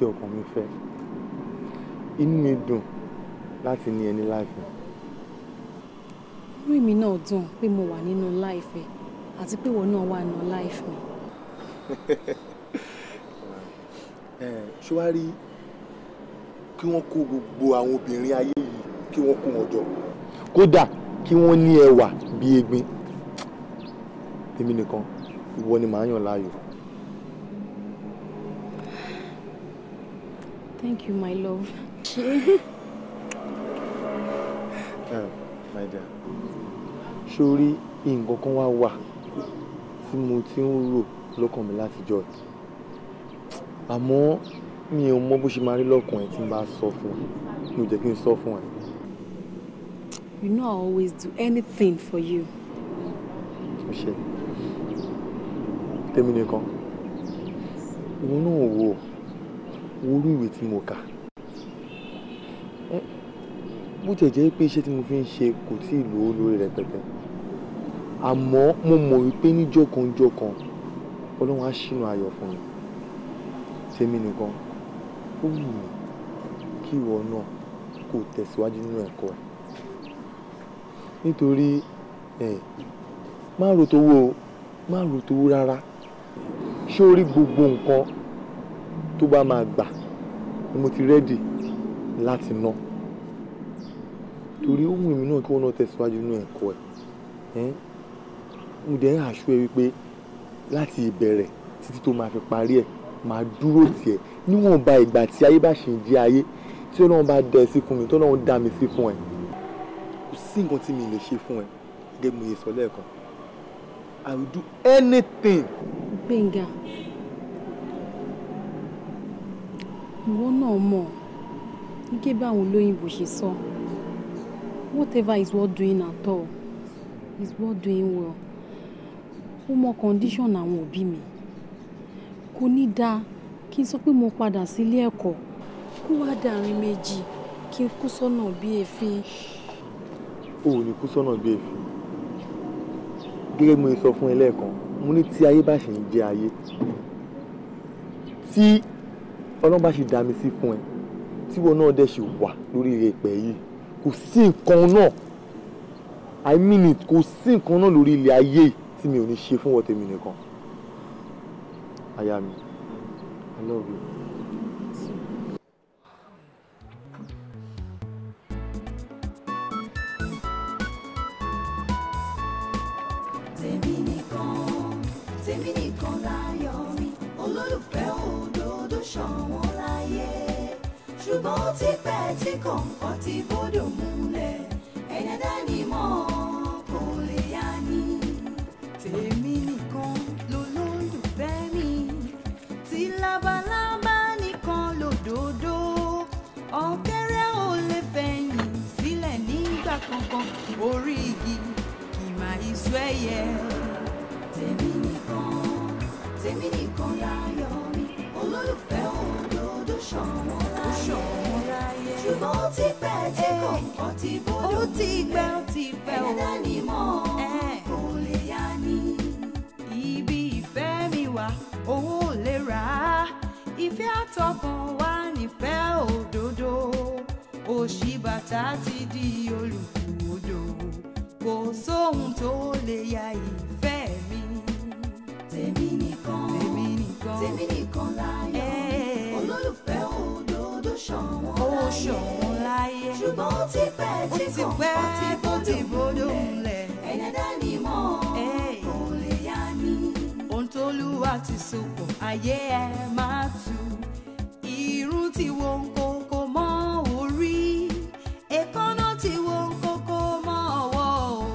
tí ọkàn mi fẹ́ inú mi dùn láti ní ẹni láìfẹ́. inú mi náà dùn pé mo wà nínú láìfẹ́ àti pé ìwọ náà wà nínú láìfẹ́. Eh, ṣùwárí kí wọ́n kó gbogbo àwọn obìnrin ayé yìí kí wọ́n kó wọn jọ kódà kí wọ́n ní ẹwà bíi egbin èmi nìkan ìwọ ni màá yàn láàyò. Thank you, my love. um, my dear, sórí in kan wa, wà tí mo ti ń rò lọ́kàn mi látijọ́ ẹ̀. Àmọ́ mi ò mọ bó ṣe You know I always do anything for you. Mo tell me, nìkan. you know orú ìwé tí mo kà bó tiẹ̀ jẹ́ pé iṣẹ́ tí mo fi ń ṣe kò tí ì lówó lórí rẹpẹtẹ àmọ́ mo mọ̀ wípé níjọ́kanjọ́kan ọlọ́run á ṣínú ayọ̀ fún mi tèmi nìkan ó wù mí kí ìwọ náà kò tẹ̀síwájú nínú ẹ̀kọ́ ẹ̀ nítorí ẹ̀ má rò tówó má rò tówó rárá ṣé o rí gbogbo nǹkan tó bá máa gbà ni mo ti rẹ́dì láti ná torí ohun èmi náà kí wọ́n náà tẹ̀síwájú nínú ẹ̀kọ́ ẹ̀ mo dẹ̀ ń àṣọ ẹ wípé láti ìbẹ̀rẹ̀ títí tó máa fi parí ẹ̀ máa dúró tiẹ̀ níwọ̀nba ìgbà tí ayé bá ṣì ń jẹ́ ayé tí ọlọ́run bá dẹ̀ sí fún mi tí ọlọ́run dá mi sí fún ẹ̀ kò sí nǹkan tí mi lè ṣe fún ẹ gẹ́gẹ́ bí mo yẹ sọ lẹ́ẹ̀kan I will do anything. Gbẹ̀ngà ìwọ náà mọ̀ gẹ́gẹ́ bí àwọn olóyìnbó ṣe sọ whatever is worth doing at all is worth doing well ó mọ condition àwọn òbí mi kò ní dáa kí n sọ pé mo padà sílé ẹ̀kọ́ kó wá dàrin méjì kí n kú sọ́nà bí èéfín. o ò ní kú sọ́nà bí èéfín gẹ́gẹ́ bí mo sọ fún ẹ lẹ́ẹ̀kan mo ní tí ayé bá ṣe ń jẹ ayé tí ọlọ́run bá ṣe dá mi sí fún ẹ tíwọ náà dẹ̀ ṣe wà lórí ìrẹ̀pẹ̀ yìí kò sí nǹkan náà i mean it kò sí nǹkan náà lórí ilẹ̀ ayé tí mi ò ní ṣe fún wọ́n tèmi nìkan aya mi i love you. ṣùgbọ́n ó ti pẹ́ tí kọ̀ǹkọ̀ ti bódò múlẹ̀ ẹ̀yà dání mọ́ kò lè yá ni. tèmi nìkan lolólùfẹ́ mi tí labalábá nìkan lòdòdó ọ̀kẹ́rẹ́ ò lè fẹ̀yìn sílẹ̀ nígbà kankan orí igi kì máa ẹ̀yẹ. ti kọ̀ǹkọ̀ ti bójú ó ti gbẹ ó ti gbẹ ó ẹ̀dá ni mọ́ kò lè yá ni. ibi ìfẹ́ mi wà owó ò lè rà á ìfẹ́ àtọkàn wà nífẹ̀ẹ́ òdodo òṣìbàtà ti di olùkúodò kò sóhun tó lè ya ìfẹ́ mi. tèmi nìkan ṣòun láyé ṣùgbọ́n ó ti pẹ́ tí kò ó ti bódò bódò ńlẹ̀ ẹ̀yà dání mọ́ kò lè yá ni. ohun tó lúwa ti sopọ̀ ayé ẹ máa tu irun ti wo ń kókó mọ́ orí èkánná tí wo ń kókó mọ́ ọwọ́ o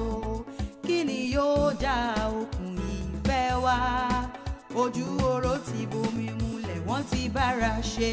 kí ni yóò dá okùn ìfẹ́ wa ojú oró ti bomi mulẹ̀ wọ́n ti bára ṣe.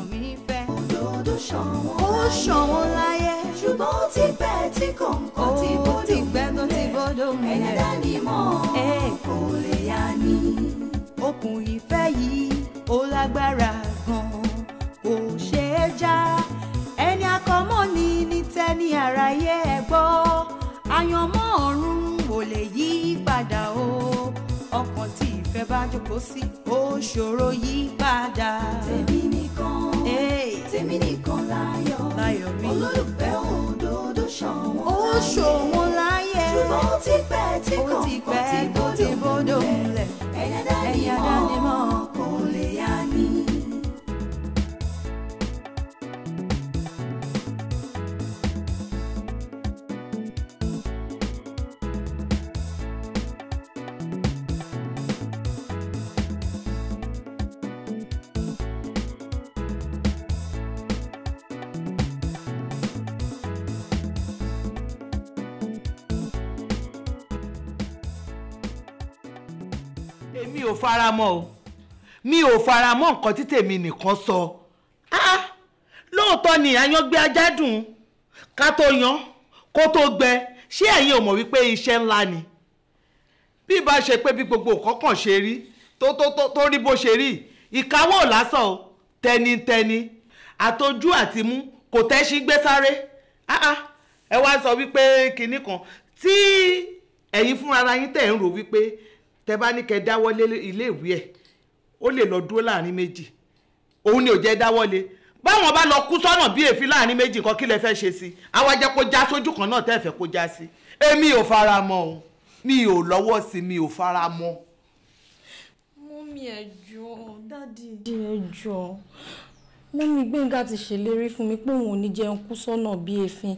ṣọ̀wọ́n. ó ṣọ̀wọ́n láyé. ṣùgbọ́n ó ti pẹ́ tí kò ń kọ́ ti bọ́dọ̀ ti pẹ́ tó ti bọ́dọ̀ mi rẹ̀. ẹ̀yà dání mọ́ kò lè yá ni. okùn ìfẹ́ yìí ó lágbára gan-an kò ṣeé já ẹni akọ́mọ́ ni ní tẹ́ni àráyé ẹ gbọ́ àyànmọ́ ọ̀run ò lè yí padà o ọkàn tí ìfẹ́ bá jókòó sí ó ṣòro yí padà. tèmi nìkan tèmi nìkan láyọ̀ olólùfẹ́ òdodo ṣọ̀wọ́n láyé ó ṣọ̀wọ́n láyé ṣùgbọ́n ó ti pẹ́ tí kọ̀ọ̀kan ti bodò múlẹ̀ ẹ̀yà dání mọ́ ọkọ̀. mi ò fara mọ́ o mi ò fara mọ́ nǹkan tí tèmi nìkan sọ ah, lóòótọ́ ni àyàngbé ajá dùn ká tó yan kó tó gbẹ ṣé ẹ̀yin ò mọ̀ wípé iṣẹ́ ńlá ni bí ìbá ṣe pé bí gbogbo nǹkan kàn ṣe rí tó tó tó rí bó ṣe rí ìkáwọ́ ò lásán o tẹnitẹni àtọjú àtìmú kò tẹ́sí gbé sáré ah, ah, ẹ wá sọ wípé kinní kan tí ẹ̀yin fúnra ara yín tẹ̀ ń rò wípé tẹ bá ní kẹ dáwọ́lé iléèwé ẹ̀ ó lè lọ dúró láàrin méjì òun ni ò jẹ́ dáwọ́lé báwọn bá lọ kú sọ́nà bí èéfín láàrin méjì nǹkan kí lẹ fẹ́ ṣe sí àwa jẹ́ kó já sójú kan náà tẹ́ẹ̀fẹ́ kó já sí èmi ò fara mọ́ o mi ò lọ́wọ́ sí mi ò fara mọ́. mọ́mí ẹ jọ̀ọ́ dádì ẹ jọ̀ọ́ mọ́mí gbẹ̀ngà ti ṣèlérí fún mi pé òun ò ní jẹun kú sọ́nà bí èéfín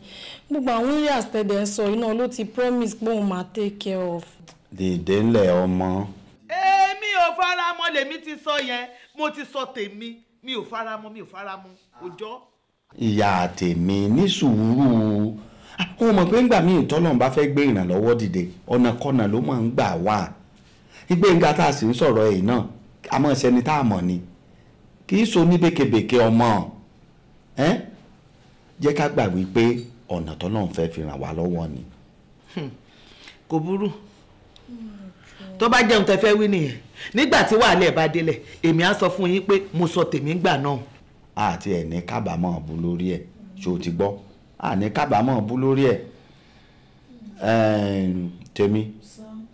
gbogbo àwọn eré àtẹ̀dẹ̀ ń sọ iná ló ti promise pé òun máa take care of dìde ńlẹ̀ ọmọ. èmi ò fara mọ́ lèmi ti sọ yẹn mo ti sọ tèmi mi ò fara mọ́ mi ò fara mọ́ òjọ́. ìyá tèmi ní sùúrù ó mọ̀ pé ńgbà míì tọ́lọ́run bá fẹ́ gbé ìrànlọ́wọ́ dìde ọ̀nà kọ́nà ló máa ń gbà wá ìgbéǹga tá a sì ń sọ̀rọ̀ ẹ̀ náà àmọ́ ìṣẹ́ni tá a mọ̀ ni kì í so ní békebèke ọmọ ẹ jẹ́ ká gbà wípé ọ̀nà tọ́lọ́run fẹ́ fi ràn wá lọ́wọ́ ni. kò burú tó bá jẹun tẹ fẹ́ wí nìyẹn nígbà tí wàhálà ẹ̀ bá délẹ̀ èmi á sọ fún yín pé mo sọ tèmi gbà náà. àti ẹ̀ ní kábàámọ̀ bú lórí ẹ̀ ṣé o ti gbọ́ àní kábàámọ̀ bú lórí ẹ̀ tèmi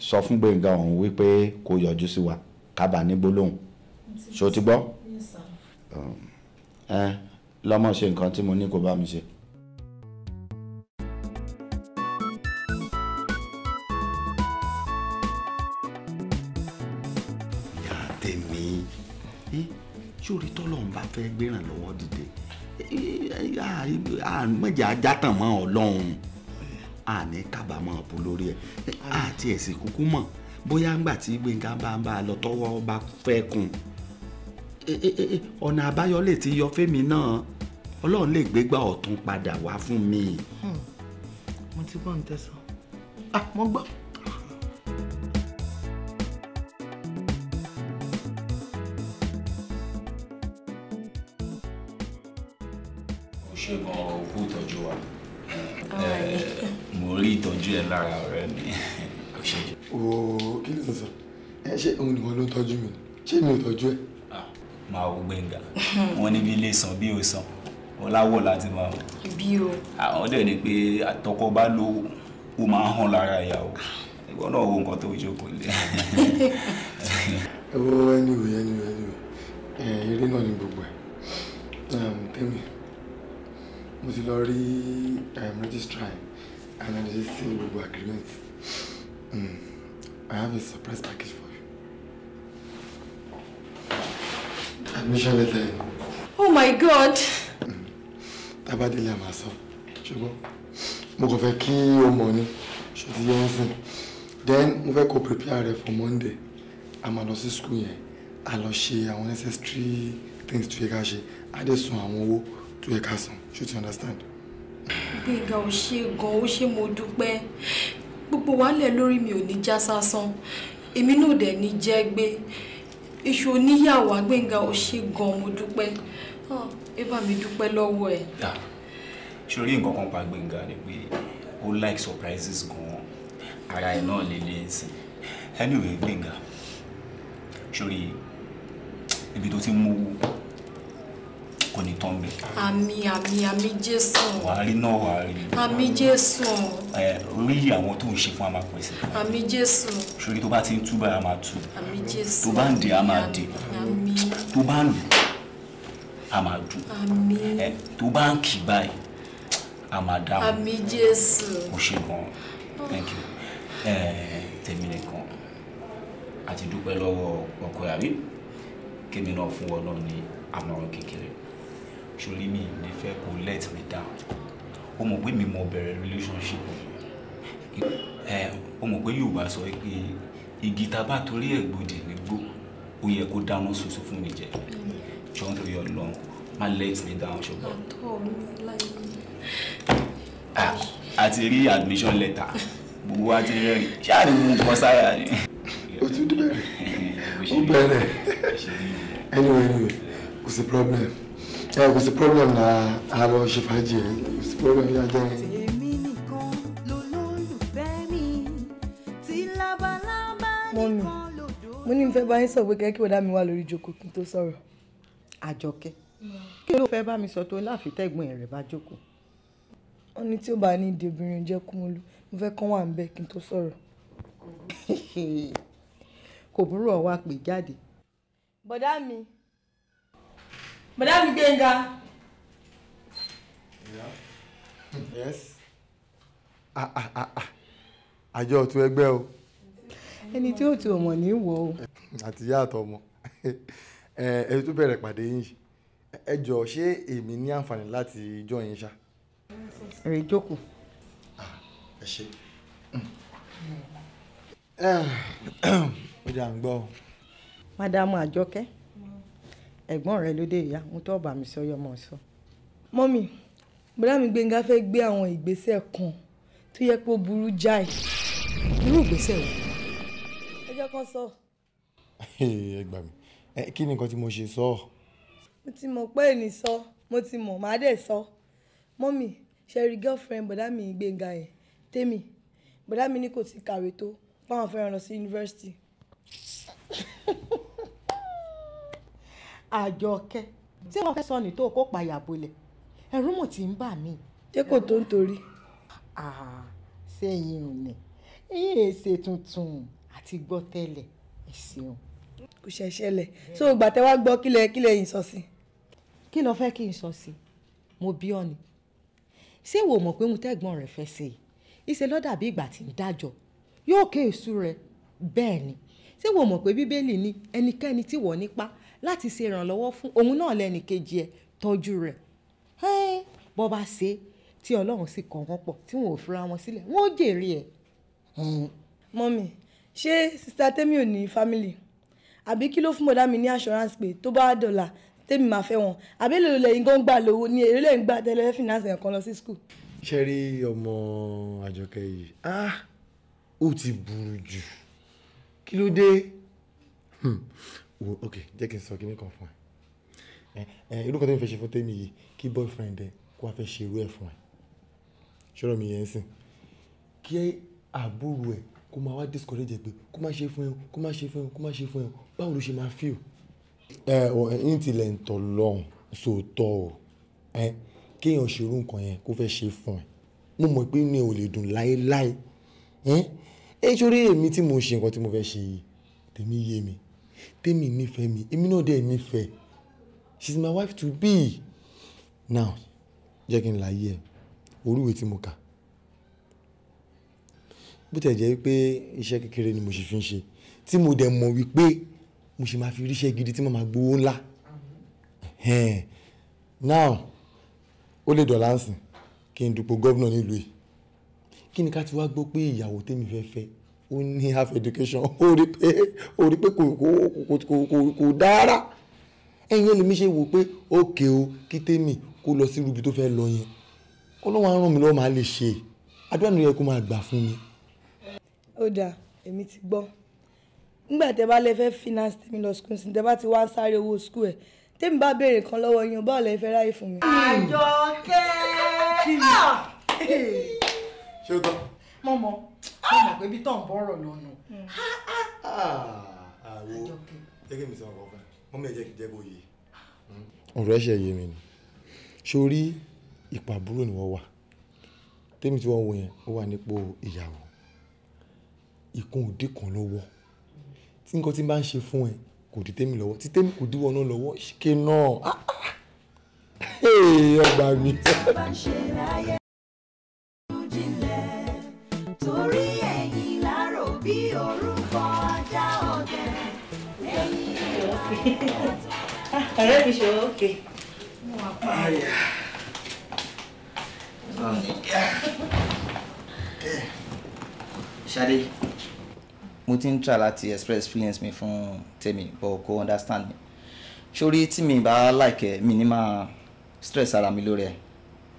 sọ fún Gbénga ọ̀hún wípé kó yọjú sí wa kábàá ní gbólóhùn ṣé o ti gbọ́ lọ́mọ ṣe nǹkan tí mo ní kó bá mi ṣe. bá fẹ́ gbéràn lọ́wọ́ dìde mọ̀jà ajátàn mọ́ ọlọ́run àní kábàámọ̀ ọ̀pọ̀ lórí ẹ̀ àti ẹ̀sìn kúkú mọ̀ bóyá ńgbà tí Gbénga bá ń bá a lọ tọ́wọ́ bá fẹ́ kun ọ̀nà àbáyọ ti yọ fẹ́mi náà ọlọ́run lè gbégbá ọ̀tún padà wá fún mi. Hmm. mo ti gbọ́ ń tẹ̀sán. Ah, mo gbọ́. rí ìtọ́jú ẹ lára ọ̀rẹ́ mi ò ṣe jù. ooo kí ló ń sọ ẹ ṣé òun nìkan ló ń tọ́jú mi ṣé mi ò tọ́jú ẹ. Ah, máa wo gbẹ̀ngà wọn níbi ilé san bí o san wọn láwọ̀ láti máa. bí o. àwọn ah, dẹ̀ ni pé àtọkọ bá lo ó máa ń hàn lára ìyàwó ìwọ náà wo nǹkan tó jókòó lé. ẹ wo anyway anyway anyway eré náà ni gbogbo ẹ tẹ́mi mo ti lọ rí registrar And I just see we Silubu agreement. Mm. I have a surprise package for you. Admission letter. Oh my God! Tabadele hmm. Amaso. Ṣùgbọ́n mo kàn fẹ́ kí o mọ̀ ni. Ṣé ti yẹ ń Then mo fẹ́ prepare for Monday. A máa school sí school yẹn. A lọ ṣe àwọn necessary things to yẹ ká ṣe. A dẹ̀ sun to owó castle. Should you understand? gbẹ̀ngà ò ṣe gan ó ṣe mo dúpẹ́ gbogbo wàhálẹ̀ lórí mi ò ní já sásán èmi náà dẹ̀ ní jẹ́ gbé iṣu oníyàwó gbẹ̀ngà ò ṣe gan mo dúpẹ́ ah, ẹ bá mi dúpẹ́ lọ́wọ́ ẹ̀. ṣorí nǹkan kan pa gbẹ̀ngà ni pé ó like surprises gan ara ẹ̀ náà lè lè sìn anyway gbẹ̀ngà ṣorí ibi tó ti mú kò ní tán bẹ́ẹ̀. àmì àmì àmì jésù. wàá rí náà wàá rí. àmì jésù. ẹ rí àwọn tó ń ṣe fún àmà pèsè. àmì jésù. sori tó bá ti ń túbà a máa tú. àmì jésù. tó bá ń dè a máa dè. àmì. tó bá ń lù a máa dùn. àmì. ẹ tó bá ń kì báyìí a máa dáhùn. àmì jésù. o ṣe gan thank you ẹ tèmi nìkan àti dúpẹ́ lọ́wọ́ ọkọ yàrá kémi náà fún ọ náà ní àmọ̀ràn kékeré. Surely me, the fẹ́ kó let me down ó mọ̀ pé mi mọ̀ bẹ̀rẹ̀ relationship ẹ̀ ó mọ̀ you Yorùbá so pé igi tá a bá torí ẹ̀ gbòdì nígbó ó yẹ kó dáná soso fún mi jẹ jọ́n tó yọ long, má let me down ṣùgbọ́n. àti rí admission letter gbogbo wa ti rẹ́rìn ṣáà ni mo kọ́ sára ni. o ti bẹ̀rẹ̀ o bẹ̀rẹ̀ anyway anyway what's the problem ẹ kò the problem na a lọ ṣe fàájì ẹ kò sí problem yá jẹ. mọ́mí mo ní fẹ́ bá yín sọ pé kẹ́kí wọ́n dá mi wá lórí ìjókòó kí n tó sọ̀rọ̀. àjọkẹ́ kí ló fẹ́ bá mi sọ tó láfitẹ́gbọ̀n rẹ̀ bá jókòó. wọ́n ní tí ó bá ní ìdí obìnrin jẹ́ Kúnmọ́lú mo fẹ́ kán wà ń bẹ̀ kí n tó sọ̀rọ̀. kò burú ọ̀ wá pè mi bọ̀dá mi gbẹ̀ngà. àjọ ọ̀tún ẹgbẹ́ o. ẹni tí ó tu ọmọ ní wọ o. àtìyá àtọmọ eh, ẹni tó bẹ̀rẹ̀ pàdé yín ẹ jọ ṣé èmi ní àǹfààní láti jọ yín ṣá. èrè jókòó. Ah, ẹ ṣe eh, ó dà ń gbọ́. mádámù àjọkẹ́ ẹ̀gbọ́n rẹ ló dé ìyá mo tó ọ̀bà mi sọ yọ ọmọ sọ. mọ́mì bọ́dá mi Gbénga fẹ́ gbé àwọn ìgbésẹ̀ kan tó yẹ pé ó burú jáì. irú ìgbésẹ̀ wo. ẹ jẹ́ kán sọ. ẹ gbà mí kí ni nǹkan tí mo ṣe sọ. mo ti mọ̀ pé ènì sọ mo ti mọ̀ màá dẹ̀ sọ mọ́mì ṣẹ́rí girlfriend bọ́dá mi Gbénga yẹn tèmi bọ́dá mi ní kò ti kàwé tó báwọn fẹ́ràn lọ sí yunifásitì àjọkẹ́ ṣé wọ́n fẹ́ sọ ní tó kó payà bolẹ̀ ẹ̀rù mo tí ń bà mí. ṣé kò tó ń torí. sẹ́yìn ò ní ẹ̀yìn èsè tuntun àti gbọ́ tẹ́lẹ̀ ẹ̀ ṣeun. kò ṣẹ̀ṣẹ̀lẹ̀ tó o gbà tẹ́ wá gbọ́ kílẹ̀ kílẹ̀ yìí sọ sí. kí lo fẹ́ kí n sọ sí mo bí ọ ni ṣé wo mọ̀ pé mo tẹ́gbọ́n rẹ̀ fẹ́ ṣe ìṣe ló dà bí ìgbà tí ń dájọ́ yóò ké èṣù rẹ̀ bẹ́ẹ̀ ni ṣé wo mọ̀ pé bíbélì ni ẹnikẹ́ni tí wọ́n nípa láti ṣe ìrànlọ́wọ́ fún òun náà lẹ́nì kejì ẹ̀ tọ́jú rẹ̀ bọ́ bá ṣe tí ọlọ́run sì kàn wọ́n pọ̀ tí wọn ò fura wọn sílẹ̀ wọn ó jèrè ẹ̀. mọ́mì ṣé sista tẹ́mi ò ní family àbí kí ló fún bọ̀dá mi ní assurance pé tó bá dọ́là tẹ́mi máa fẹ́ wọn àbí èlò lẹ́yìn gan gbà lówó ní èrè lẹ́yìn gbà tẹ́lẹ̀ finance ẹ̀kan lọ sí school. ṣe rí ọmọ àjọkẹ́ yìí ah ó ti burú jù kí ló dé hmm wo ok jẹ́ kí n sọ kíní kan fún ẹ ẹ irú kan tó ń fẹ́ ṣe fún tèmi yìí kí boyfriend ẹ kó wá fẹ́ ṣe irú ẹ̀ fún ẹ ṣọ́rọ̀ mi yẹn sìn kí àbúrò ẹ kó máa wá discourage ẹ pé kó má ṣe fún ẹ kó má ṣe fún ẹ kó má ṣe fún ẹ báwo ló ṣe máa feel. ẹ ọ ẹyin tilẹ̀ ń tọ̀ lọ́hùn sòótọ́ o ẹ kéèyàn ṣe irú nǹkan yẹn kó fẹ́ ṣe fún ẹ mo mọ̀ pé mi ò lè dùn láéláé ẹ ẹ ṣorí èmi tí mo ṣe nǹkan tí mo fẹ́ ṣe yìí tèmi yé mi tèmi nífẹ̀ẹ́ mi èmi náà dẹ̀ nífẹ̀ẹ́ she is my wife to be now jẹ́ kí n là yí ẹ orúwe tí mo kà bó tẹ̀ jẹ́ pé iṣẹ́ kékeré ni mo ṣe fi ń ṣe tí mo dẹ̀ mọ̀ wípé mo ṣe máa fi ríṣẹ́ gidi tí mo máa gbowó ńlá now ó lè dọ̀là ń sìn kí n dupò gómìnà nílùú yìí kí ni ká ti wá gbọ́ pé ìyàwó tèmi fẹ́ fẹ́ ó ní half education ó rí pé ó rí pé kò kò kò kò dára ẹ̀yin ẹlòmíì ṣe wò pé òkè o kí tèmi kó lọ sí ibi tó fẹ́ lọ yẹn ọlọ́wọ́n á ràn mí lọ́wọ́ máa lè ṣe àdúrà nìyẹn kó máa gbà fún mi. ó dáa èmi ti gbọ́ nígbà tẹ́ bá lè fẹ́ finance tèmi lọ school sí tẹ́ bá ti wá sáré owó school ẹ̀ tèmi bá béèrè kan lọ́wọ́ yín báwo lẹ fẹ́ ráyè fún mi. àjọkẹ́ ah! ṣé o tán. mọ̀mọ́ mo mọ̀ pé bí tó ń bọ̀rọ̀ lọ́nà. Hmm. àwo gẹ́gẹ́ mi sọ ọkọ̀ fún mi mọ́mí ẹ̀ jẹ́ kí jẹ́ bó yé. Hmm. ọ̀rọ̀ ẹ̀ ṣe yé mi ni sórí ipò àbúrò ni wọ́n wà tèmi tí wọ́n wọ yẹn ó wà nípò ìyàwó ìkun òdì kan lọ́wọ́ tí nǹkan tí n bá ń ṣe fún ẹ kò di tèmi lọ́wọ́ tí tèmi kò díwọ́ náà lọ́wọ́ ṣìkè náà ah, ah. ọgbà mi. Ah, ọ̀rẹ́ mi ṣe òkè. Ṣadé mo ti ń try láti express feelings mi fún tèmi but kò understand mi sórí tí mi bá like ẹ mi ní máa stress ara mi lórí ẹ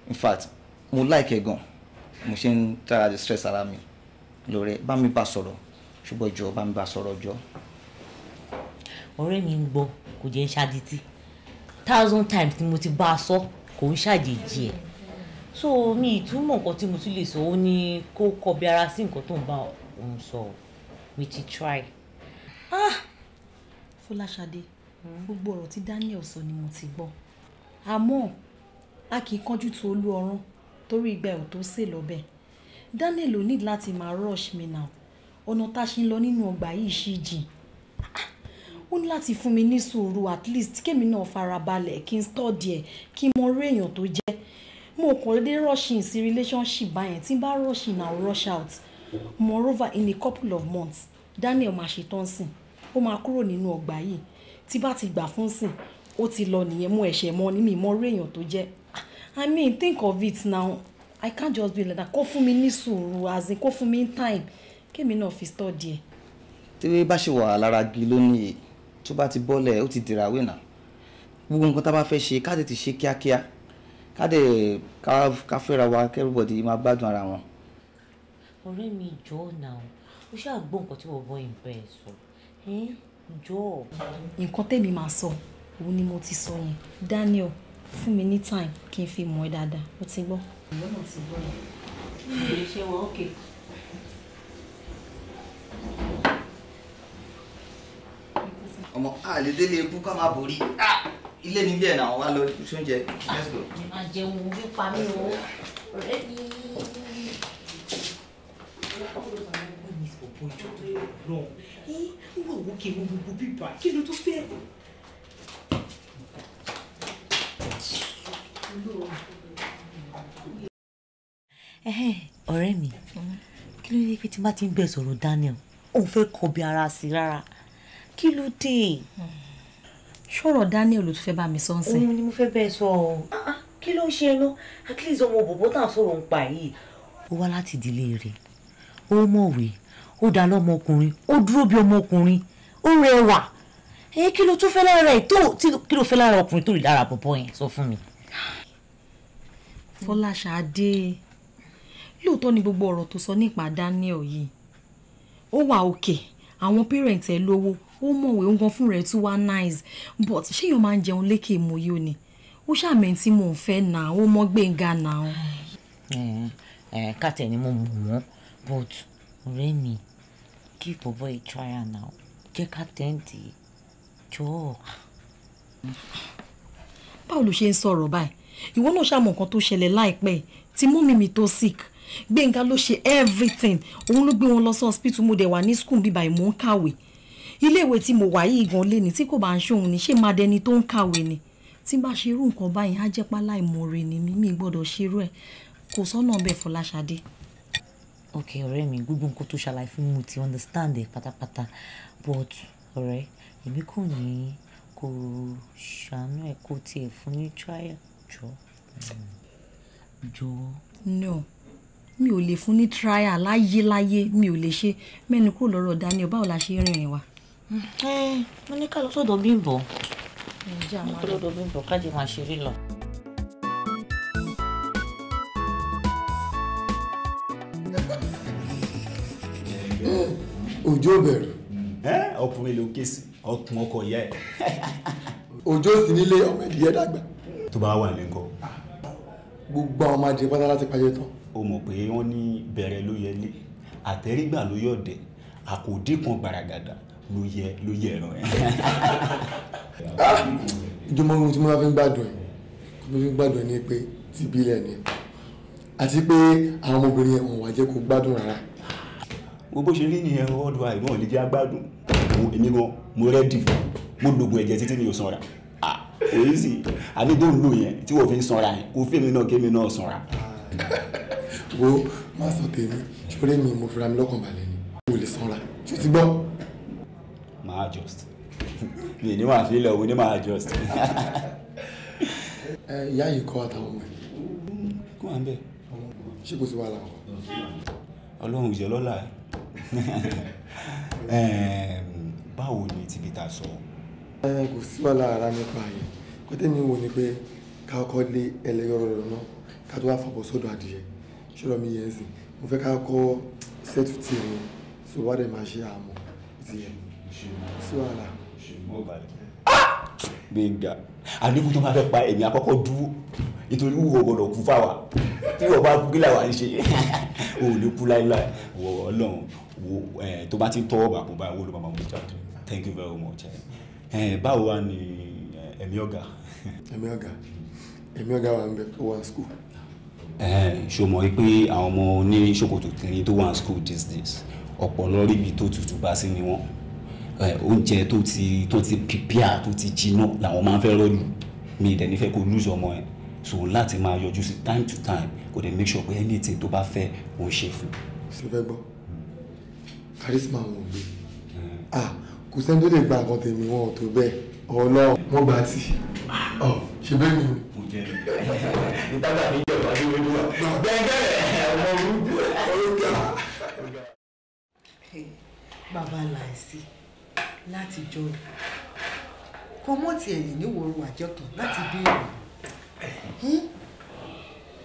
in fact mo like ẹ gan mo ṣe ń try láti stress ara mi lórí ẹ bá mi bá sọ̀rọ̀ ṣùgbọ́n jọ bá mi bá sọ̀rọ̀ jọ ọ̀rẹ́ mi ń gbọ́ kò jẹ́ ń thousand times ni mo ti bá a sọ kò ń ṣàjèjì ẹ̀ so mi ìtumọ̀ nǹkan tí mo tún lè sọ ó ní kó kọbi ara sí nǹkan tó ń bá òun sọ we ti try. ah Fọláṣadé gbogbo ọ̀rọ̀ tí Daniel sọ ni mo ti gbọ́ àmọ́ a kì í kánjú tu olú ọrán torí ìgbà ẹ̀ tó sè lọ́bẹ̀ Daniel ò ní láti máa rush me now ọ̀nà tá a ṣe ń lọ nínú ọgbà yìí ṣì jìn ah! ó ní láti fún mi ní sùúrù at least kémi náà farabalẹ̀ kí n study ẹ̀ kí n mọ orí èèyàn tó jẹ́ mo kàn dé rushing sí relationship báyẹn tí n bá rushing na rush out moreover in a couple of months Daniel máa ṣe tán sìn ó máa kúrò nínú ọgbà yìí tí bá ti gbà fún sìn ó ti lọ nìyẹn mo ẹ̀ṣẹ̀ mọ ní mi mọ orí èèyàn tó jẹ́ I mean think of it now I can't just be like that kó fún mi ní sùúrù as in kó fún mi ní time kémi náà fi study ẹ̀. tí wọ́n bá ṣe wà lára gi lónìí tó bá ti bọ́lẹ̀ ó ti dìràwé náà gbogbo nǹkan tá a bá fẹ́ ṣe ká tètè ṣe kíákíá ká dẹ̀ ká fẹ́ra wa kẹ́rìbọ̀dì máa gbádùn ara wọn. ọ̀rẹ́ mi jọ náà ó ṣáà gbọ́ nǹkan tí bọ̀bọ̀ yìí bẹ́ẹ̀ sọ jọ. nǹkan tèmi máa sọ òun ni mo ti sọ yẹn Daniel fún mi ní time kí n fi mọ̀ ẹ́ dáadáa ó ti gbọ́. ìwọ ti gbọ́ yẹn ìṣe wọn ó kè ọmọ a lè délé ebú ká máa borí ilé nílé ẹ̀ náà wá lọ sóúnjẹ let's go. àjẹun bí pa mí o rẹ́dí. wọ́n wò kí wọ́n gbogbo bíbá kí ló tó fẹ́. ọ̀rẹ́ mi kí ló dé pé tí n bá ti ń bẹ̀ sọ̀rọ̀ Daniel òun fẹ́ kọbi ara sí rárá kí ló dé ṣọ̀rọ̀ Daniel ló tún fẹ́ bá mi sọ ń sìn. òun ni mo fẹ́ bẹ́ẹ̀ sọ ọ́ ah, ah, kí ló ń ṣe lọ at least ọmọ bòbó tá à ń sọ̀rọ̀ ń pa yìí. ó wá láti ìdílé rẹ̀ ó mọ̀wé ó dá lọ́mọkùnrin ó dúró bí ọmọkùnrin ó rẹwà ẹ kí ló tún fẹ́ lára ẹ̀ tó kí ló fẹ́ lára ọkùnrin tó rí lára pọ̀pọ̀ yẹn sọ fún mi. Fọláṣadé lóòótọ́ ni gbogbo ọ̀rọ̀ tó sọ nípa Daniel yìí ó wà òkè. Okay àwọn parent ẹ lówó ó mọ̀wé ó gan fún rẹ̀ tún wá nice but ṣé yóò máa ń jẹun lékè mo yóò ni ó ṣàmì tí mò ń fẹ́ nà ó mọ́ gbẹ̀ngà nà ó. Hmm, eh, kàtẹ́ ni mo mọ̀ wọ́n but ọ̀rẹ́ mi give bọ̀bọ̀ a trial now jẹ́ ká tẹ́ǹtì jọ. báwo ló ṣe ń sọ̀rọ̀ báyìí ìwọ náà ṣàmọ̀ nǹkan tó ṣẹlẹ̀ láìpẹ́ tí mú mi mi tó sick gbẹ̀ngà ló ṣe everything òun ló gbé wọn lọ sí hospital mo dẹ̀ wà ní school bíbá ìmọ̀ ń kàwé iléèwé tí mo wà yìí gan léni tí kò bá ń ṣóhun ni ṣé máa dẹni tó ń kàwé ni tí bá ṣe irú nǹkan báyìí á jẹ́ pálá ìmọ̀ọ́rẹ́ ni mi gbọ́dọ̀ ṣe irú ẹ̀ kò sọ́nà bẹ́ẹ̀ Fọláṣadé. ok ọ̀rẹ́ mi gbogbo nǹkan tó ṣàlàyé fún mi ti understand ẹ̀ pátápátá but ọ̀rẹ́ èmi kò ní kò ṣàánú ẹ̀ kò tiẹ̀ fún ní trial jọ. jọ. no mi ò lè fún ní trial láyéláyé mi ò lè ṣe mẹ́nu kúrò lọ́rọ̀ Daniel báwo la ṣe rìnrìn wa. ẹ mo ní ká lọ sọ́dọ̀ Bímbọ́ mo kọ́ lọ́dọ̀ Bímbọ́ kájí máa ṣeré lọ. òjò bẹ̀rù. ọkùnrin ló ké sí ọkùn ọkọ ìyá ẹ. òjò sì nílé ọmọ ìdíyẹ dàgbà. tó bá wà ní nǹkan. Ah, gbogbo àwọn ọmọ adìyẹ pátá láti pàjẹ́ tán o mọ̀ pé wọ́n ní bẹ̀rẹ̀ ló yẹ lé àtẹ̀rígbà ló yọ̀dẹ̀ àkòdí kan gbàràgàdà ló yẹ ló yẹ ẹ̀ràn ẹ̀. ìjọba ohun tí mo máa fi ń gbàdùn ẹ̀ tí mo fi ń gbàdùn ẹ̀ ni pé ti ìbílẹ̀ ni àti pé àwọn ọmọbìnrin ẹ̀ wá jẹ́ kó gbádùn rárá. mo bó ṣe rí ni ẹ̀rọ ọdún àìmọ́ ò lè jẹ́ agbádùn èmi gan mo rẹ́dì mo lògùn ẹ̀jẹ̀ títí mi ò sanra èyí sì àbí tó ń lò yẹn tí wọ́n fi ń sanra yẹn kò fèmí náà kémi náà sanra wo má sọ tèmi ṣoré mi mo fira mi lọ́kàn balẹ̀ ni mo lè sanra ṣó ti gbọ́. máa adjust mi ní màá fi ilẹ̀ òun ní máa adjust. ẹ ìyá yìí kọ́ àtàwọn ọmọ ẹ̀. kó à ń bẹ̀. ṣé kò sí wàhálà wọn. ọlọ́run ìjọ lọ́la báwo ni tìbí ta sọ. ẹ kò sí wàhálà ara nípa yẹn kó tẹ́mi wò ni pé ká ọkọ lé ẹlẹ́yọ̀rọ̀ lọ́nà ká tó wá fọ̀bọ̀ sọ́dọ̀ adìyẹ ṣọlọ mi yẹn sìn mo fẹ́ ká kọ́ sẹ́tù tí o so wá dẹ̀ máa ṣe àmọ́ ti yẹ sí wàhálà. gbẹ̀ngà àníkù tó máa fẹ́ pa ẹ̀mí àkọ́kọ́ dúró nítorí wúwo gbọ́dọ̀ kú fáwa tí wọ́n bá kú kí làwọn àṣe o ò ní kú láéláé wọ ọlọ́run wo tó bá ti ń tọ́wọ́ bàbá báyìí wọ́n ló máa jáde thank you very much báwo wá ni ẹ̀mí ọ̀gá. ẹ̀mí ọ̀gá ẹ̀mí ọ̀gá wa ń bẹ ó wà school ṣòmọ̀ pé àwọn ọmọ ní ṣòkòtò kìnrin tó wà ní school these days ọ̀pọ̀ lọ́rí ibi tó tutù bá sí ni wọ́n oúnjẹ tó ti tó ti pìpìà tó ti jiná làwọn máa ń fẹ́ rọ́ọ̀lù mi ìdẹ̀ nífẹ̀ẹ́ kó lùzọ ọmọ ẹ̀ so láti máa yọjú sí time to time kò dẹ̀ make sure pé anything tó bá fẹ́ ò ń ṣe fún. ṣe fẹ́ gbọ́ charisma wọn ò gbé ah kò sẹ́ni tó lè gba nǹkan tèmi wọn ò tó bẹ́ẹ̀ ọ̀ọ́ lọ́wọ́ wọ́n gbà á tì ah. ṣe bẹ́ẹ̀ mi. gbẹ̀ngẹ̀rẹ̀ ọmọ burúkú ẹ̀. bàbá làásì láti jọ kọ́mọ́tì ẹ̀yìn níwòrò àjọkàn láti bí ìlú.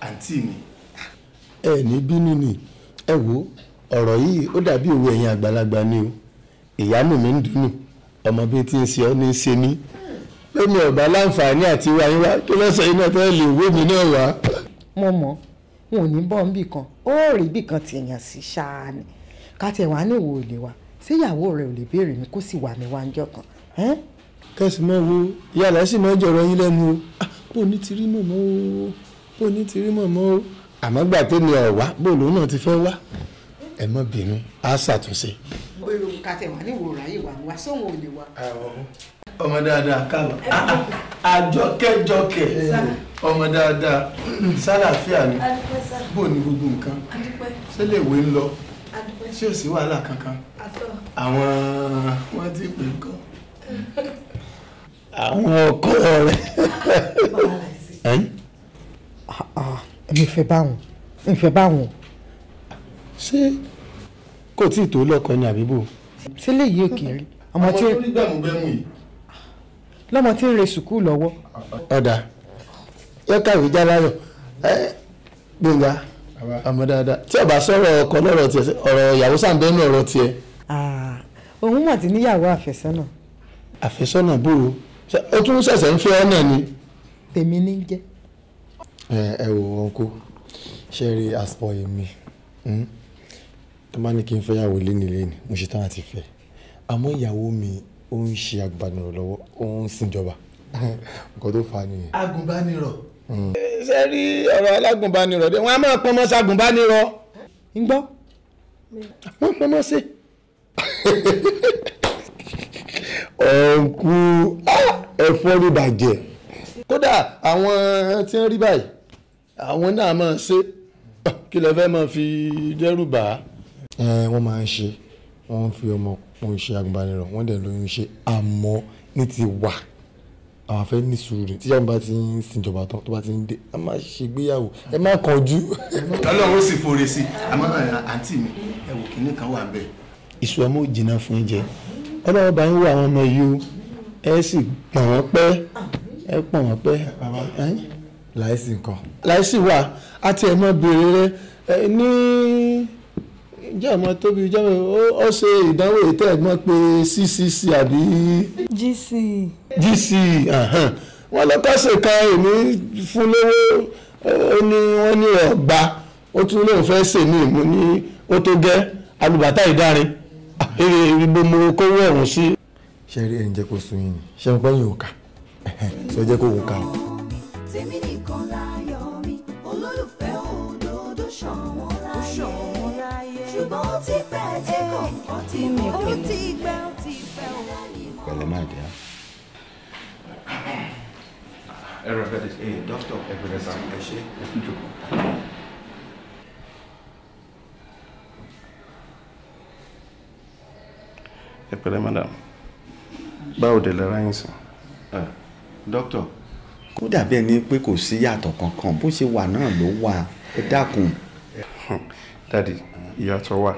àǹtí mi. ẹ ní bínú ni ẹ wo ọ̀rọ̀ yìí ó dàbí òwe ẹ̀yin àgbàlagbà ni o ìyáàmù mi ń dùnnù ọmọ bíi ti ń ṣe ọ́ ní í ṣe ní lónìí ọ̀bá láǹfààní àti wáyé wá tó lọ́sọ̀ yìí náà tẹ́lẹ̀ lè wé mi náà wá mo mọ̀ wọn ò ní bọ́ ń bì kan ó rí bì kan tìyàn sí ṣáá ni ká tiẹ̀ wá ní ìwò òlè wa ṣé ìyàwó rẹ̀ ò lè béèrè mi kó sì wà mí wá ń jọ kan. kẹ́sì mọ́ wo ìyá làásì máa jọ̀rọ̀ yín lẹ́nu ah, o bó ní ti rí mọ̀mọ́ o bó ní ti rí mọ̀mọ́ o àmọ́ gbà tẹ́mi ẹ̀ wá bó lòun náà ti fẹ́ wá ẹ má bínú á ṣàtúnṣe. bó ló ń ka tẹ̀ wá ní ìwòrán yìí wà wá ò lè wá ọmọ dáadáa káàbọ̀ ah, ah, àjọkẹ́jọkẹ́ ọmọ dáadáa sálàáfíà ni bò ní gbogbo nǹkan ṣé lè wé ń lọ ṣé ò sí wàhálà kankan àwọn wọn ti pè ń kọ. àwọn ọkọ rẹ. mi fẹ́ bá wọn mi fẹ́ bá wọn. ṣé kò tí ì tó lọ́kọ ni àbíbò. sílẹ̀ yìí ò kéré. ọmọ tó rí gbàmùgbẹ́mù yìí lọ́mọ tí ń re sùkúù lọ́wọ́. ọ̀dà yóò kàwé jáláyọ̀ gbẹ̀ngà àmọ́ dáadáa tí ọba sọ̀rọ̀ ọkọ lọ́rọ̀ tiẹ̀ ọ̀rọ̀ ìyàwó sàǹdẹ́ ní ọ̀rọ̀ tiẹ̀. òun mà ti níyàwó àfẹ́sọ́nà. àfẹ́sọ́nà bò ó ó tún ṣẹ̀ṣẹ̀ ń fẹ́ ọ́ náà ni. tèmi ní jẹ́. ẹ ẹ wò wọn kó ṣe rí àsọ èmi hmm? tó bá ní kí n fẹ́ léni léni mo ṣetán àti fẹ́ àmọ́ ìyàwó mi ó ń ṣe agùnbánirọ̀ lọ́wọ́ ó ń ṣìnjọba nǹkan tó fa nìyẹn. agùnbánirọ̀. Hmm. ṣe rí ọ̀rọ̀ alágùnbánirọ̀ dé wọn a máa pọnmọ́ sagùnbánirọ̀ ń gbọ́ wọ́n pọnmọ́ sí. ọ̀nkú ah, ẹ̀fọ́ ní bàjẹ́ kódà àwọn tí ń rí báyìí àwọn náà máa ṣe kí lè fẹ́ máa fi dẹ́rù bà á. ẹ wọ́n máa ń ṣe wọ́n ń fi ọmọ wọn ò ṣe agùnbánirọ̀ wọ́n dẹ̀ lóyún ṣe àmọ́ ní ti wà àwọn afẹ́ ní sùúrù tí yàrá bá ti ń sìnjọba tán tó bá ti ń dé a máa ṣègbéyàwó ẹ má kánjú. ọlọ́run sì fòrè sí àmọ́ eh, àǹtí mi ẹ wò kínní kan wà bẹ́ẹ̀. ìṣù ọmọ ò jìnnà fún oúnjẹ ọlọ́run bá ń wo àwọn ọmọ yìí o ẹ sì pọ̀n wọ́n pẹ́ ẹ pọ̀n wọ́n pẹ́. láìsí nǹkan. láìsí wà á tiẹ̀ mọ́ bèrè rẹ ní jẹ́ẹ̀mọ tóbi jẹ́ẹ̀mọ ó ṣe ìdánwò ìtẹ́ẹ̀gbọ́n pé ccc àbí. gc. gc wọ́n lọ́kọ̀ọ́sẹ̀ kan èmi fún lówó ó ní wọ́n ní ọ̀gbà ó tún lóun fẹ́ sèmi ìmú ní ó tó gẹ́ alùbàtà ìdárin èrè ah, ìbò mo kówó ọ̀hún sí. ṣe rí ẹ̀ǹjẹ́ kó sun yín ṣe ń pẹ́yìn òkà ṣe jẹ́ kó òkà o. tèmi nìkan la mi pẹ̀lẹ́. pẹ̀lẹ́ madam báwo dẹ̀ lẹ́ra yín sùn. dókítà. kó dàbí ẹni pé kò sí yàtọ̀ kankan bó ṣe wà náà ló wà ẹ dákun. dadi ìyàtọ̀ wà.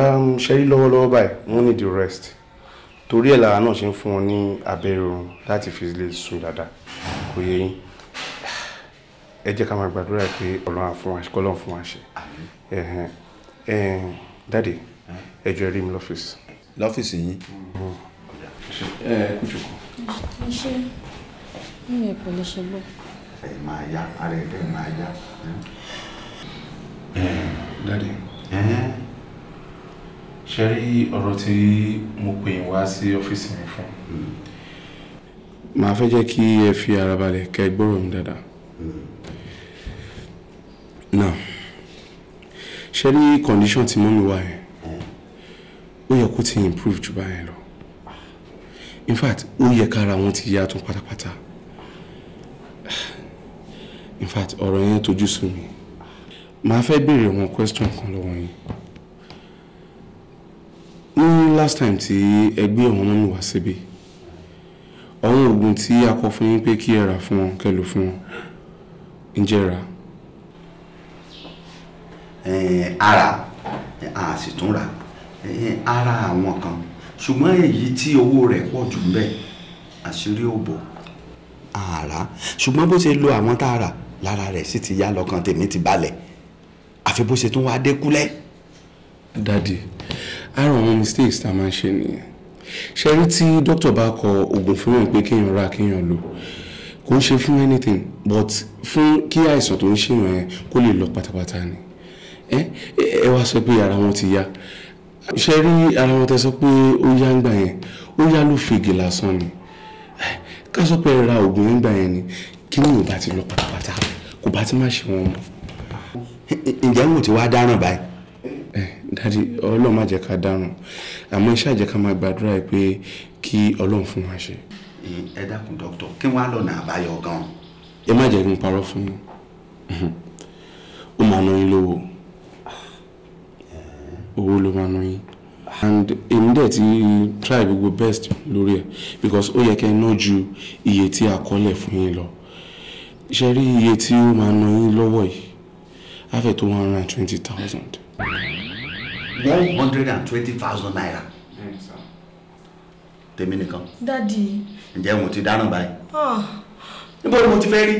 Um, ṣẹ́rí lọ́wọ́lọ́wọ́ báyìí wọ́n need the rest torí ẹ̀ lára náà ṣe ń fún wọn ní abẹ́rẹ́ oorun láti fi lè sùn dáadáa kò yẹ yín ẹ jẹ́ ká máa gbàdúrà pé ọlọ́run fún wa ṣe kọ́lọ́run fún wa ṣe dáàdì ẹ jọ rí mi lọ́fíìsì. lọ́fíìsì yín. ẹ kú jù kú. ṣé mi ò kò lè ṣe gbọ́. ẹ máa yá ara ẹ bẹ́ẹ̀ máa yá. dáàdì ṣe rí ọ̀rọ̀ tí mo pè yín wá sí ọ́fíìsì mi fún. Hmm. màá fẹ́ jẹ́ kí ẹ fi ara balẹ̀ kẹ́ ẹ gbọ́rọ̀ mi dáadáa. Hmm. now ṣe rí condition tí mọ́mi wà yẹn ó yẹ kó ti improve jù báyẹn lọ in fact ó yẹ kára wọn ti yàtọ̀ pátápátá in fact ọ̀rọ̀ yẹn tojú sú mi màá fẹ́ béèrè wọn question kan lọ́wọ́ yín ní last time tí ẹ gbé ọ̀hún mọ́mí wá síbi ọ̀hún oògùn tí a kọ fún yín pé kí ẹ rà fún wọn kẹ́ lò fún wọn ǹjẹ́ rà. ara a sì tún rà ara àwọn kan ṣùgbọ́n èyí tí owó rẹ̀ pọ̀ jù ń bẹ̀ àṣírí ò bò àrà ṣùgbọ́n bó ṣe lo àwọn tá a rà lára rẹ̀ sì ti yá lọ́kàn tèmi ti balẹ̀ àfi bó ṣe tún wá dé kúlẹ̀. dadi ara àwọn mistakes tá a máa ń ṣe nìyẹn ṣe rí tí dókítà bá kọ oògùn fún yàn pé kéèyàn ra kéèyàn lò kò ń ṣe fún anything but fún kí àìsàn tó ń ṣèyàn yẹn kó lè lọ pátápátá ni ẹ ẹ wá sọ pé ara wọn ti yá ṣe rí ara wọn tẹ sọ pé ó yá ń gbà yẹn ó yá ló fègè lásán ni ká sọ pé ra oògùn yẹn gbà yẹn ni kí ni ò bá ti lọ pátápátá kò bá ti má ṣe wọn mọ. ǹjẹ́ mo ti wá dáràn báyìí dáàdi ọlọ́run má jẹ́ ká dáràn àmọ́ iṣẹ́ àjẹ́ ká máa gbàdúrà pé kí ọlọ́run fún wa ṣe. ẹ dákun dókítà kí wọn á lọ́nà àbáyọ gan. ẹ má jẹ́ kí n parọ́ fún yín ó máa ná yín lówó owó ló máa ná yín and èmi dẹ̀ ti try gbogbo best lórí ẹ̀ because ó yẹ kẹ́ ẹ ná ju iye tí a kọ́lẹ̀ fún yín lọ ṣe rí iye tí ó máa ná yín lọ́wọ́ yìí á fẹ́ tó one hundred and twenty thousand. one hundred and twenty thousand naira. tèmi nìkan. dadi. ǹjẹ́ mo ti dáná báyìí. Ah. níbo ni mo ti fẹ́ rí.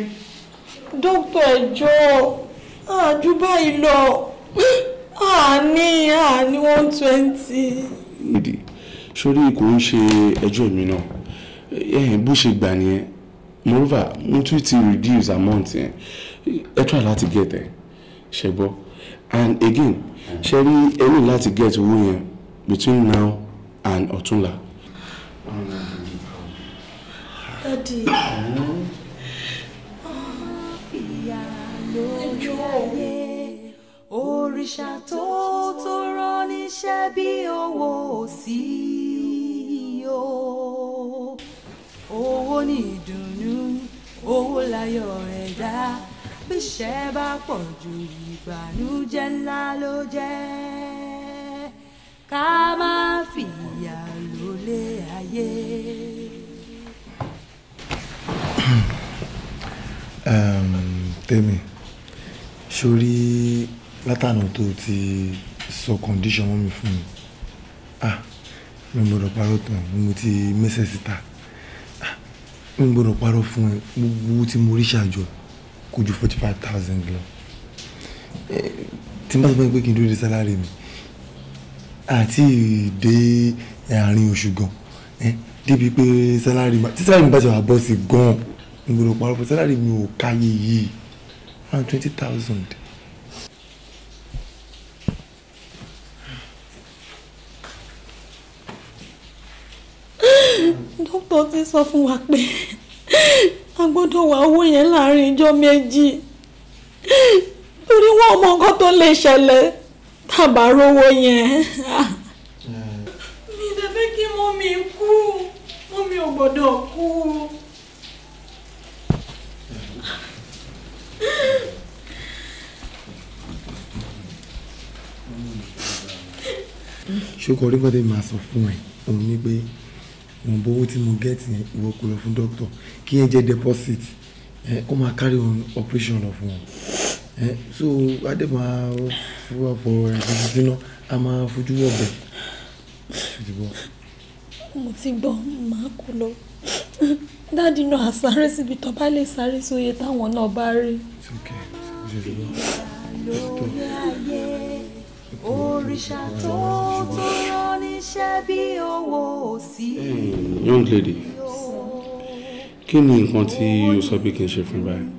dókítà ẹjọ́ àjú ah, báyìí lọ àní ah, àní one twenty. ìdí sórí kò ń ṣe ẹjọ́ mi náà ẹ̀yìn eh, bó ṣe gbà nìyẹn moreover mo tún ti reduce amount yẹn ẹ try láti get ẹ ṣe gbọ́ and again ṣe rí ẹni láti get owó yẹn between now and ọ̀túnla. dadi ìyá lójú ayé òrìṣà tó tó rán níṣẹ́ bí owó sí o owó ni ìdùnnú owó láyọ̀ ẹ̀dá bíṣẹ́ bá pọ̀ ju ìbànújẹ́ ńlá ló jẹ́ ká má fìyà lólè ayé. tèmi sórí látànà tó ti sọ condition mọ́ mi fún mi ah mi gbọ́dọ̀ parọ́ tán ni mo ti mẹ́sẹ̀ síta ah mi gbọ́dọ̀ parọ́ fún ẹ gbogbo tí mo rí ṣàjọ kò forty five thousand lọ tí n bá sọ fún mi pé kí n dúró de sálárì mi àti dé àárín oṣù gan débi pé sálárì mi tí sálárì mi bá ṣe wà bọ́ sí gan n gbọdọ̀ parọ́ fún sálárì mi ò káyé yìí around twenty thousand. dókítà ti sọ fún wa pé a gbọ́dọ̀ wá owó yẹn láàrin ìjọ méjì torí wọn mọ nǹkan tó lè ṣẹlẹ̀ tàbá rówó yẹn. mi ò fẹ́ kí mọ́mí kú mọ́mí ò gbọ́dọ̀ kú. ṣùkọ́ orí kan tẹ́ máa sọ fún ẹ òun ni pé mo bọ owó tí mo gẹ́ẹ̀tì yẹn ìwọ kò lọ fún dókítà kí yẹn jẹ́ deposit ẹ kó máa carry on operation lọ fún wọn ẹ so adé máa fúwa fọ ẹ tuntun síná a máa fojú wọ bẹ. mo ti gbọ́ màá kú lọ dáàdì náà sáré síbi tó bá lè sáré sóye táwọn náà bá rí. it's okay it's okay òrìṣà tó tó rán níṣẹ́ bí owó òsì. Hmm, young lady kí ni nǹkan tí o sọ pé kí n ṣe fún báyìí.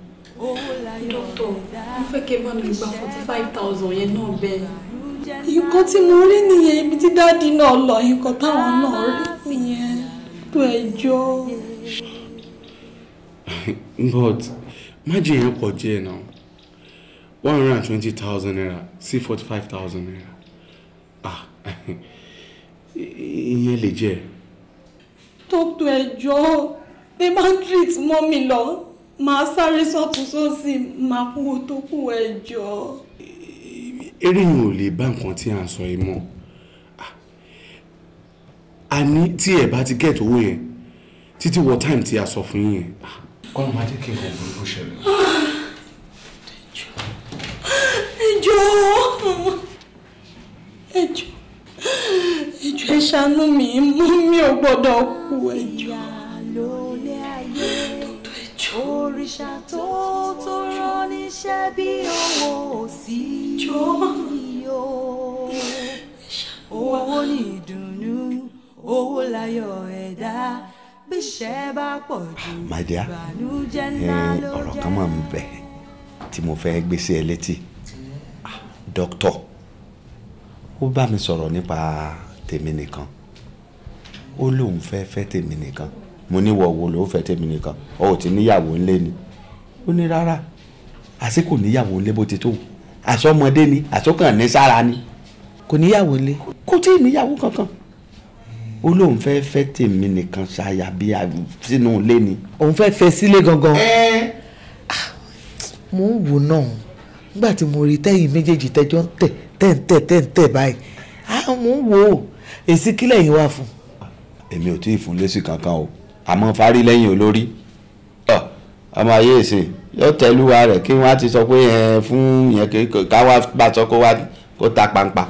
dókítà mo fẹ́ kí ẹ bá mi gba forty five thousand yẹn náà bẹ́ẹ̀. nǹkan tí mo rí nìyẹn ibi tí dáàdi náà lọ nǹkan táwọn náà rí nìyẹn tó ẹ jọ. but májèyàn kọ jẹ́ náà one hundred and twenty thousand naira sí forty five thousand naira ah ìyẹn lè jẹ́. dókítà ẹjọ́ ẹ máa ń treat mọ́mì lọ màá sáré sọ́tún sósì màá kú tó kù ẹjọ́. eré yìí ò lè bá nǹkan tí à ń sọ yìí mọ́ àní ah, tí ẹ bá ti gẹ̀ẹ́tì owó yẹn títí wọ táìmù tí a sọ fún yín yẹn. Ah, kọ́nà máa jẹ́ kí n kò burúkú ṣẹlẹ̀. Ah! ẹjọ́ ẹjọ́ ẹjọ́ ẹ ṣàánú mi mú mi ò gbọ́dọ̀ kú ẹjọ́ òrìṣà tó tó rán níṣẹ́ bí owó òsì yíyó owó ní ìdùnnú owó láyọ̀ ẹ̀dá bí iṣẹ́ bá pọ̀ jù ah, ìbànújẹ́ ńlá eh, ló jẹ́ ọ̀rọ̀ kan máa ń bẹ tí mo fẹ́ gbé sí ẹ létí dókítà ó bá mi sọ̀rọ̀ nípa tèmi nìkan ó lóun fẹ́ fẹ́ tèmi nìkan mo ní wọ̀ wo lòun fẹ́ tèmi nìkan ọ ò ti níyàwó ńlé ni ó ní rárá àsìkò níyàwó ńlé bó ti tó àsọmọdé ni àsọkàn ní sára ni. kò níyàwó ńlé. kò tí ì níyàwó kankan ó lóun fẹ́ fẹ́ tèmi nìkan ṣáya bí sínú ilé ni. òun fẹ́ fẹ́ sílé gangan. Ah, mo ń wò náà nígbà tí mo rí tẹ́yìn méjèèjì tẹ́jọ́ ń tẹ̀ tẹ́ǹtẹ̀ tẹ́ǹtẹ̀ báyìí àá mò ń wò ó èsì kílẹ̀ yìí wà fún. èmi ò tí ì fún lésì kankan o àmọ́ fárí lẹ́yìn olórí ọmọ ayé ìsìn yóò tẹ̀lúwa rẹ̀ kí wọ́n á ti sọ pé fún yẹn káwá bá sọ kó wá kó ta pampa.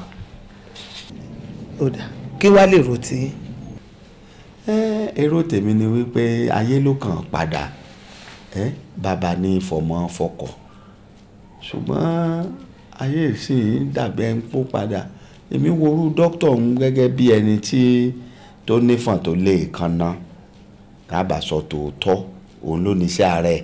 kí wàá lè rò tí. èrò tèmi ni wípé ayé ló kàn padà bàbá ní fọmọ fọkọ̀ ṣùgbọ́n ayé ìsìn dàbẹ̀ ń pò padà èmi worú dókítà òun gẹ́gẹ́ bí ẹni tí tó nífọ̀n tó lè kanna tábàsọ tòótọ́ òun ló ní sí ààrẹ